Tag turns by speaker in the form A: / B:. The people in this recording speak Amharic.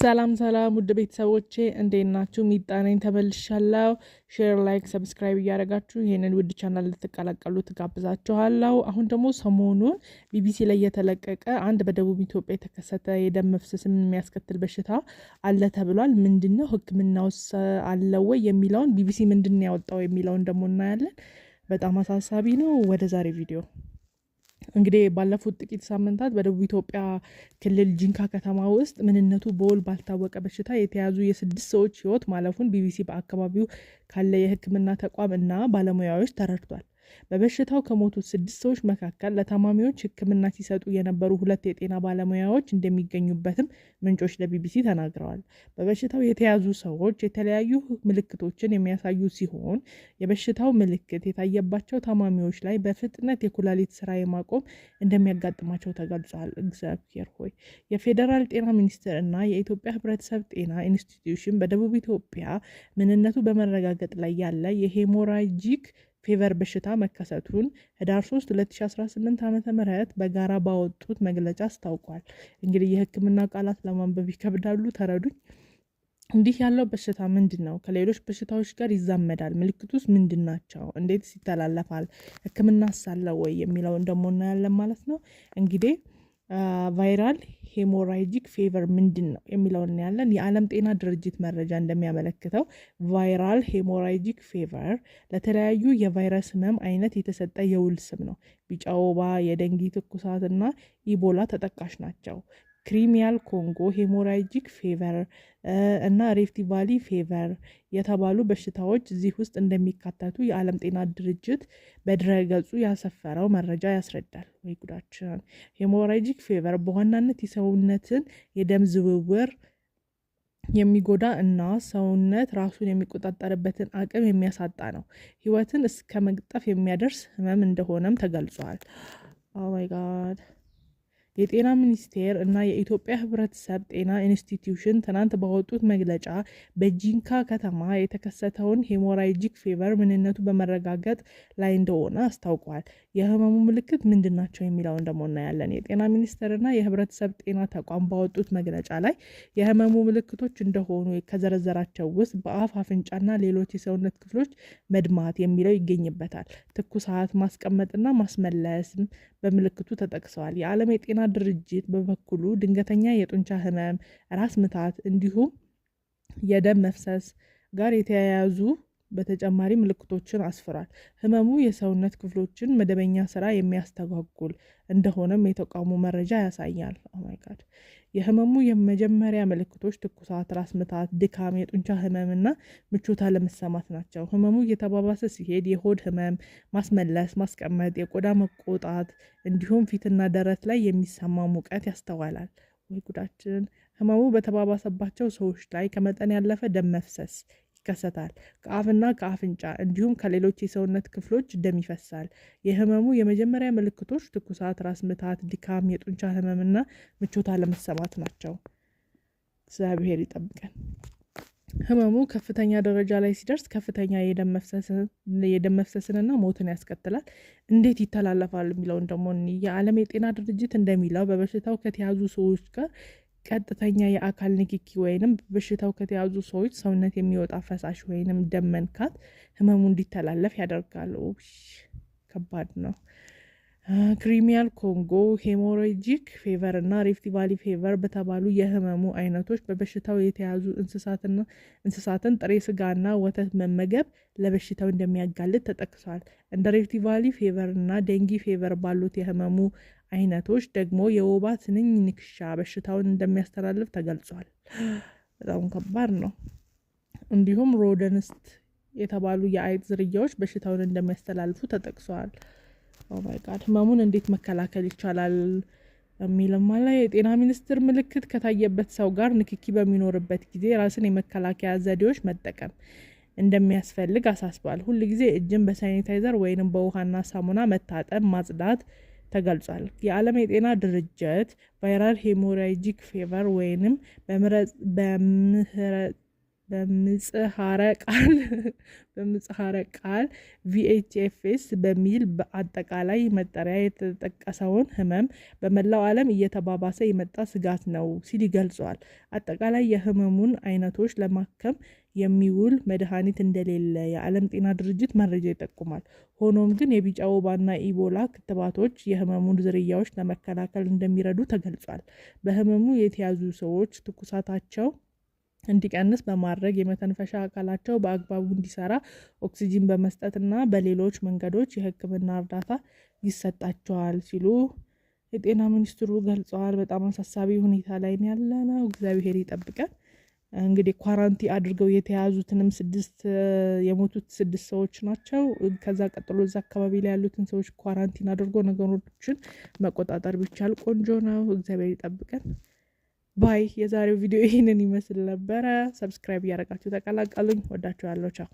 A: ሰላም ሰላም ውድ ቤተሰቦቼ እንዴት ናችሁ? ሚጣነኝ ተመልሻለሁ። ሼር፣ ላይክ፣ ሰብስክራይብ እያደረጋችሁ ይህንን ውድ ቻናል ልትቀላቀሉ ትጋብዛችኋለሁ። አሁን ደግሞ ሰሞኑን ቢቢሲ ላይ የተለቀቀ አንድ በደቡብ ኢትዮጵያ የተከሰተ የደም መፍሰስን የሚያስከትል በሽታ አለ ተብሏል። ምንድን ነው ሕክምናውስ አለ ወይ የሚለውን ቢቢሲ ምንድን ነው ያወጣው የሚለውን ደግሞ እናያለን። በጣም አሳሳቢ ነው። ወደ ዛሬ ቪዲዮ እንግዲህ ባለፉት ጥቂት ሳምንታት በደቡብ ኢትዮጵያ ክልል ጂንካ ከተማ ውስጥ ምንነቱ በውል ባልታወቀ በሽታ የተያዙ የስድስት ሰዎች ሕይወት ማለፉን ቢቢሲ በአካባቢው ካለ የሕክምና ተቋም እና ባለሙያዎች ተረድቷል። በበሽታው ከሞቱት ስድስት ሰዎች መካከል ለታማሚዎች ሕክምና ሲሰጡ የነበሩ ሁለት የጤና ባለሙያዎች እንደሚገኙበትም ምንጮች ለቢቢሲ ተናግረዋል። በበሽታው የተያዙ ሰዎች የተለያዩ ምልክቶችን የሚያሳዩ ሲሆን የበሽታው ምልክት የታየባቸው ታማሚዎች ላይ በፍጥነት የኩላሊት ስራ የማቆም እንደሚያጋጥማቸው ተገልጿል። እግዚአብሔር ሆይ! የፌዴራል ጤና ሚኒስቴር እና የኢትዮጵያ ህብረተሰብ ጤና ኢንስቲትዩሽን በደቡብ ኢትዮጵያ ምንነቱ በመረጋገጥ ላይ ያለ የሄሞራጂክ ፌቨር በሽታ መከሰቱን ህዳር 3 2018 ዓ.ም በጋራ ባወጡት መግለጫ አስታውቋል። እንግዲህ የህክምና ቃላት ለማንበብ ይከብዳሉ፣ ተረዱኝ። እንዲህ ያለው በሽታ ምንድን ነው? ከሌሎች በሽታዎች ጋር ይዛመዳል? ምልክቱስ ምንድን ናቸው? እንዴትስ ይተላለፋል? ህክምናስ ሳለ ወይ የሚለውን ደግሞ እናያለን ማለት ነው እንግዲህ ቫይራል ሄሞራይጂክ ፌቨር ምንድን ነው የሚለውን ያለን። የዓለም ጤና ድርጅት መረጃ እንደሚያመለክተው ቫይራል ሄሞራይጂክ ፌቨር ለተለያዩ የቫይረስ ህመም አይነት የተሰጠ የውል ስም ነው። ቢጫ ወባ፣ የደንጊ ትኩሳት እና ኢቦላ ተጠቃሽ ናቸው። ክሪሚያል ኮንጎ፣ ሄሞራጂክ ፌቨር እና ሬፍቲ ቫሊ ፌቨር የተባሉ በሽታዎች እዚህ ውስጥ እንደሚካተቱ የዓለም ጤና ድርጅት በድረገጹ ያሰፈረው መረጃ ያስረዳል። ወይ ጉዳችን! ሄሞራጂክ ፌቨር በዋናነት የሰውነትን የደም ዝውውር የሚጎዳ እና ሰውነት ራሱን የሚቆጣጠርበትን አቅም የሚያሳጣ ነው። ህይወትን እስከ መቅጠፍ የሚያደርስ ህመም እንደሆነም ተገልጿል። ኦ ማይ ጋድ የጤና ሚኒስቴር እና የኢትዮጵያ ህብረተሰብ ጤና ኢንስቲትዩሽን ትናንት ባወጡት መግለጫ በጂንካ ከተማ የተከሰተውን ሄሞራይጂክ ፌቨር ምንነቱ በመረጋገጥ ላይ እንደሆነ አስታውቋል። የህመሙ ምልክት ምንድን ናቸው የሚለውን ደግሞ እናያለን። የጤና ሚኒስቴርና የህብረተሰብ ጤና ተቋም ባወጡት መግለጫ ላይ የህመሙ ምልክቶች እንደሆኑ ከዘረዘራቸው ውስጥ በአፍ አፍንጫና ሌሎች የሰውነት ክፍሎች መድማት የሚለው ይገኝበታል። ትኩሳት፣ ማስቀመጥና ማስመለስም በምልክቱ ተጠቅሰዋል። የዓለም የጤና የጤና ድርጅት በበኩሉ ድንገተኛ የጡንቻ ህመም፣ ራስ ምታት እንዲሁም የደም መፍሰስ ጋር የተያያዙ በተጨማሪ ምልክቶችን አስፍሯል። ህመሙ የሰውነት ክፍሎችን መደበኛ ስራ የሚያስተጓጉል እንደሆነም የተቋሙ መረጃ ያሳያል። ኦማይጋድ የህመሙ የመጀመሪያ ምልክቶች ትኩሳት፣ ራስ ምታት፣ ድካም፣ የጡንቻ ህመምና ምቾት አለመሰማት ናቸው። ህመሙ እየተባባሰ ሲሄድ የሆድ ህመም፣ ማስመለስ፣ ማስቀመጥ፣ የቆዳ መቆጣት እንዲሁም ፊትና ደረት ላይ የሚሰማ ሙቀት ያስተዋላል። ወይ ጉዳችን! ህመሙ በተባባሰባቸው ሰዎች ላይ ከመጠን ያለፈ ደም መፍሰስ ይከሰታል። ከአፍና ከአፍንጫ እንዲሁም ከሌሎች የሰውነት ክፍሎች ደም ይፈሳል። የህመሙ የመጀመሪያ ምልክቶች ትኩሳት፣ ራስ ምታት፣ ድካም፣ የጡንቻ ህመምና ምቾት አለመሰማት ናቸው። እግዚአብሔር ይጠብቀን። ህመሙ ከፍተኛ ደረጃ ላይ ሲደርስ ከፍተኛ የደም መፍሰስንና ሞትን ያስከትላል። እንዴት ይተላለፋል የሚለውን ደግሞ የዓለም የጤና ድርጅት እንደሚለው በበሽታው ከተያዙ ሰዎች ጋር ቀጥተኛ የአካል ንክኪ ወይንም በሽታው ከተያዙ ሰዎች ሰውነት የሚወጣ ፈሳሽ ወይንም ደም መንካት ህመሙ እንዲተላለፍ ያደርጋል። ከባድ ነው። ክሪሚያል ኮንጎ ሄሞሮጂክ ፌቨር እና ሪፍት ቫሊ ፌቨር በተባሉ የህመሙ አይነቶች በበሽታው የተያዙ እንስሳትን ጥሬ ስጋና ወተት መመገብ ለበሽታው እንደሚያጋልጥ ተጠቅሷል። እንደ ሪፍት ቫሊ ፌቨር እና ደንጊ ፌቨር ባሉት የህመሙ አይነቶች ደግሞ የወባ ትንኝ ንክሻ በሽታውን እንደሚያስተላልፍ ተገልጿል። በጣም ከባድ ነው። እንዲሁም ሮደንስት የተባሉ የአይጥ ዝርያዎች በሽታውን እንደሚያስተላልፉ ተጠቅሰዋል። ማይጋድ oh ህመሙን እንዴት መከላከል ይቻላል? የሚልም አለ። የጤና ሚኒስቴር ምልክት ከታየበት ሰው ጋር ንክኪ በሚኖርበት ጊዜ ራስን የመከላከያ ዘዴዎች መጠቀም እንደሚያስፈልግ አሳስቧል። ሁል ጊዜ እጅን በሳኒታይዘር ወይንም በውሃና ሳሙና መታጠብ፣ ማጽዳት ተገልጿል። የዓለም የጤና ድርጅት ቫይራል ሄሞራጂክ ፌቨር ወይንም በምረ በምጽሐረ ቃል በምጽሐረ ቃል ቪኤችኤፍኤስ በሚል በአጠቃላይ መጠሪያ የተጠቀሰውን ህመም በመላው ዓለም እየተባባሰ የመጣ ስጋት ነው ሲል ይገልጿል። አጠቃላይ የህመሙን አይነቶች ለማከም የሚውል መድኃኒት እንደሌለ የዓለም ጤና ድርጅት መረጃ ይጠቁማል። ሆኖም ግን የቢጫ ወባና ኢቦላ ክትባቶች የህመሙን ዝርያዎች ለመከላከል እንደሚረዱ ተገልጿል። በህመሙ የተያዙ ሰዎች ትኩሳታቸው እንዲቀንስ በማድረግ የመተንፈሻ አካላቸው በአግባቡ እንዲሰራ ኦክሲጂን በመስጠትና በሌሎች መንገዶች የሕክምና እርዳታ ይሰጣቸዋል ሲሉ የጤና ሚኒስትሩ ገልጸዋል። በጣም አሳሳቢ ሁኔታ ላይ ያለ ነው። እግዚአብሔር ይጠብቀን። እንግዲህ ኳራንቲ አድርገው የተያዙትንም ስድስት የሞቱት ስድስት ሰዎች ናቸው። ከዛ ቀጥሎ እዛ አካባቢ ላይ ያሉትን ሰዎች ኳራንቲን አድርጎ ነገሮችን መቆጣጠር ቢቻል ቆንጆ ነው። እግዚአብሔር ይጠብቀን። ባይ። የዛሬው ቪዲዮ ይህንን ይመስል ነበረ። ሰብስክራይብ እያደረጋችሁ ተቀላቀሉኝ። ወዳችኋለሁ። ቻው